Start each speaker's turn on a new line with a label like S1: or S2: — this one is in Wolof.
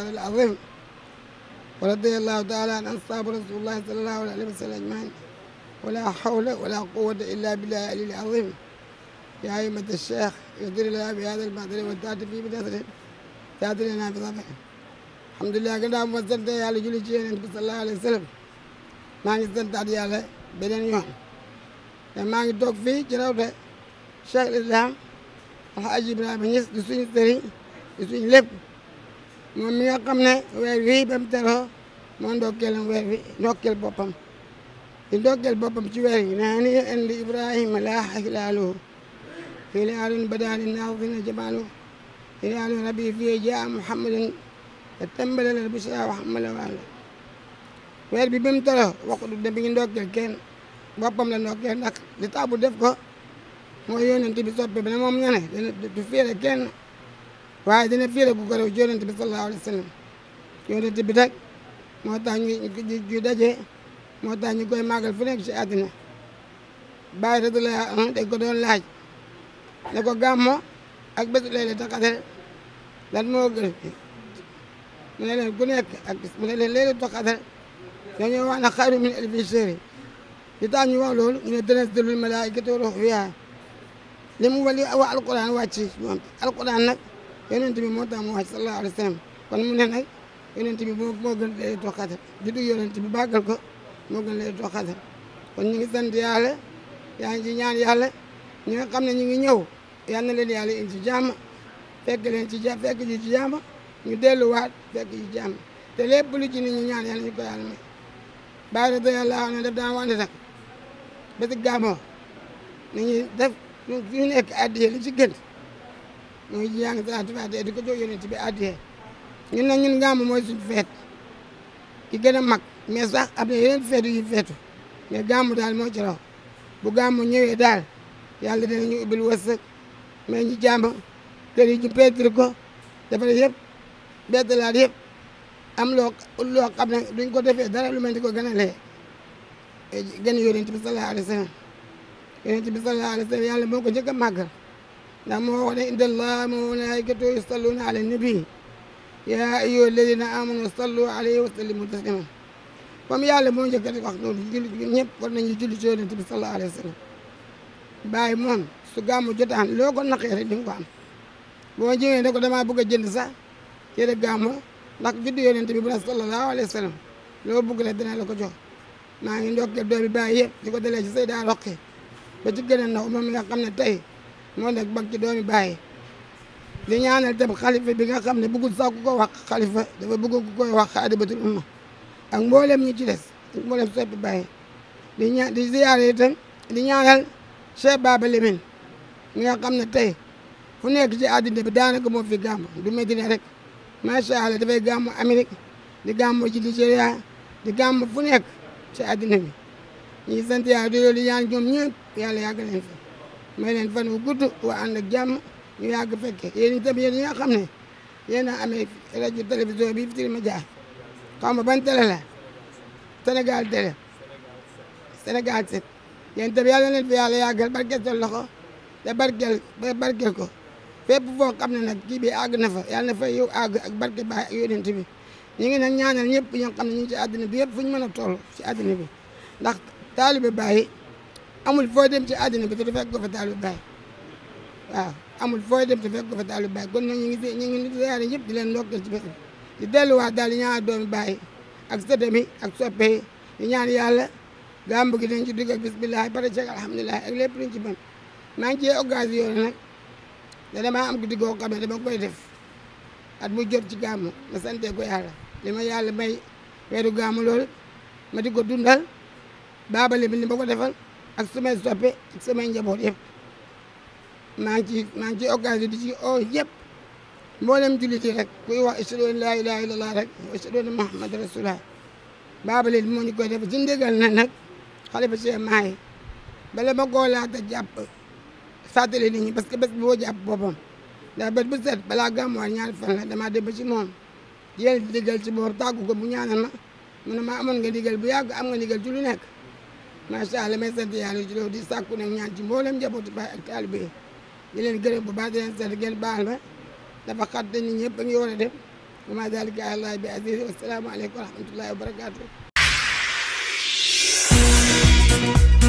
S1: الشأن العظيم ورضي الله تعالى عن أصحاب رسول الله صلى الله عليه وسلم أجمعين ولا حول ولا قوة إلا بالله العلي العظيم يا أئمة الشيخ يدير لنا بهذا المعدل والتأتي في بدأتهم تأتي لنا بطبعهم الحمد لله gannaaw ma sant yàlla julli ci yonent bi sallallahu alayhi wa sallam maa ngi santaat yàlla beneen yoon te maa ngi toog fii ci rawte Cheikh al Islam Alhaji Ibrahima Niass di suñu sëriñ di suñu lépp moom mi nga xam ne weer wi ba mu teroo moo ndokkeelam weer wi ndokkeel boppam di ndokkeel boppam ci weer yi naa ni indi ibrahima laaxa hilaaluhu hilaalun badaali naafina jamaalu hilaalu rabbi fii jaa muhammadun te tàmbale la bi saa wax ma la wàllu weer bi ba mu teroo waxutu de bi ngi ndokkeel boppam la ndokkeel ndax li tax def ko mooy yonent bi soppe bi ne moom ñene du féere kenn waaye dina fiire gu ko rew yonent bi sallallahu alayhi wa sallam bi nag moo tax ñu daje moo tax ñu koy màggal fu nekk ci àddina bàyyi radiyallaahu anhu dañ ko doon laaj ne ko gàmmo ak bésu Laylatul Qadr lan moo gën mu ne leen ku nekk ak bis mu ne leen Laylatul Qadr dañoo wax ne xayru min alfi shahri li tax ñu wax loolu ñu ne tanazzalul malaa'ikatu wa ruuhu fiihaa li mu wali wa alquran wàcc ñoom alquran nag yonent bi moo ta mu wàcc sallallahu alayhi wa kon mu ne nag yonent bi boo moo gën lay toxatal juddu yonent bi bàggal ko moo gën lay toxatal kon ñu ngi sant yàlla yaa ngi ci ñaan yàlla ñi nga xam ne ñu ngi ñëw yal na leen yàlla indi ci jàmm fekk ci jàmm fekk ji ci jàmm ñu delluwaat fekk ci jàmm te lépp ci nit ñi ñaan yàlla ñu ko yàlla may bàyyi la doyal laa ne def daan wante nag ba si gàmmoo def ñu nekk addiye li ci gën ñu ngi jàng salaatu faatiha di joo jox ti bi addiya ñun na ñun gàmmu mooy suñu feet ki gën a mag mais sax am na yeneen feetu yu feetu mais gàmmu daal moo ci raw bu gàmmu ñëwee daal yàlla dinañu ubbil wërsëg mais ñu jàmb kër yi ñu peintre ko defare yëpp bettalaat yëpp am loo loo xam ne duñ ko defee dara lu mel ni ko gën a lee gën yonent bi sallallahu alayhi wa sallam yonent bi sallallahu alayhi wa sallam moo ko njëkk a màggal ndax moo wax ne inda allah ma malaikatu yusalluna ala nabi yaa ayyuha alladina amanu sallu alayhi wa sallimu taslima comme yàlla moo njëkk rek wax loolu jullit ñëpp war nañu julli ci yonent bi sallallahu alayhi wa sallam bàyyi moom su jot jotaan loo ko naqee rek di ko am boo ñëwee ne ko damaa bëgg a jënd sax yére gàmmu ndax juddu yonent bi bu ne sallallahu alayhi wa sallam loo bëgg rek dana la ko jox maa ngi ndokkee doomi bàyyi yëpp di ko dalee ci Seyda Roqe ba ci gën a ndaw moom mi nga xam ne tey moo nag bag ci doomi bàyyi di ñaanal tam xalifa bi nga xam ne bëggul sax ku ko wax xalifa dafa bëgg ku koy wax xaadibatul umma ak mboolem ñi ci des ak mboolem soppi bàyyi di ñaan di ziyaare itam di ñaanal Cheikh Baba xam ne tey fu nekk ci àddina bi daanaka moo fi gàmm du Medina rek macha allah dafay gàmm Amérique di gàmm ci Nigeria di gàmm fu nekk ci àddina bi ñuy sant yàlla di loolu ñaan ñoom ñëpp yàlla yàgg leen fi ma leen fan wu gudd wa ànd ak jàmm ñu yàgg fekke yéen itam yéen ñi nga xam ne yéen a amee rajo télévision bi Futurs Médias xaw ban télé la Sénégal télé Sénégal set yéen itam yàlla leen fi yàlla yàggal barkeel seen loxo te barkeel ba barkeel ko fépp foo xam ne nag kii bi àgg na fa yàlla na fa yow àgg ak barke baay ak yonent bi ñu ngi nag ñaanal ñëpp ñoo xam ne ñu ngi ci àddina bi yëpp fu ñu mën a toll ci àddina bi ndax taalibe Baay amul foo dem ci àddina bi te du fekk ko fa baay amul foo dem te fekk ko fa baay kon nag ñu ngi ñu ngi ziyaare ñëpp di leen ndokkeel ci bés di delluwaat daal di ñaan doomi baay ak sëtam ak soppe yi di ñaan yàlla gàmb gi dañ ci dugg ak bisimilah pare ceeg alhamdulilah ak lépp luñ ci mën maa ngi cee occasion nag te damaa am guddi goo xam ne dama koy def at mu jot ci gàmm ma sante ko yàlla li ma yàlla may weeru gàmm lool ma di ko dundal baabale bi ni ma ko defal. ak samay soppe ak samay njaboot yëpp maa ngi ci maa ngi ci occasion di ci oo yëpp mboolem jullit yi rek kuy wax ashhadu an laa ilaaha illallah rek ashhadu anna muhammad rasulullah baabaleel moo ñu koy def ci ndégal na nag xale ba see maay bala ma koo laata jàpp fàttali nit ñi parce que bés boo jàpp boppam ndax bu set balaa gàmmuwaat ñaari fan la damaa dem ba ci moom yéen digal ci boor tàggu ko bu ñaanal ma mu ne ma amoon nga digal bu am nga digal ci lu nekk macha allah may sant yàlla ci loolu di sàkku nag ñaan ci mboolem njabootu baay ak taalibe yi di leen gërëm bu baax di leen sant ngeen baal ma dafa xat te nit ñëpp a ngi war a dem wa maa zaalika alaa bi aziiz wassalaamu aleykum wa rahmatullaahi wa barakaatuh